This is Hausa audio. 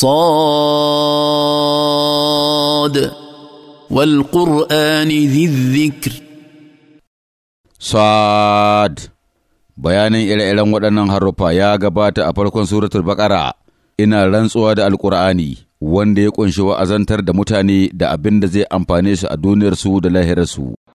صاد والقرآن ذي bayanin ire-iren waɗannan haruffa ya gabata a farkon suratul Bakara, ina rantsuwa da alƙur'ani wanda ya ƙunshi wa'azantar da mutane da abin da zai amfane su a duniyarsu da lahirarsu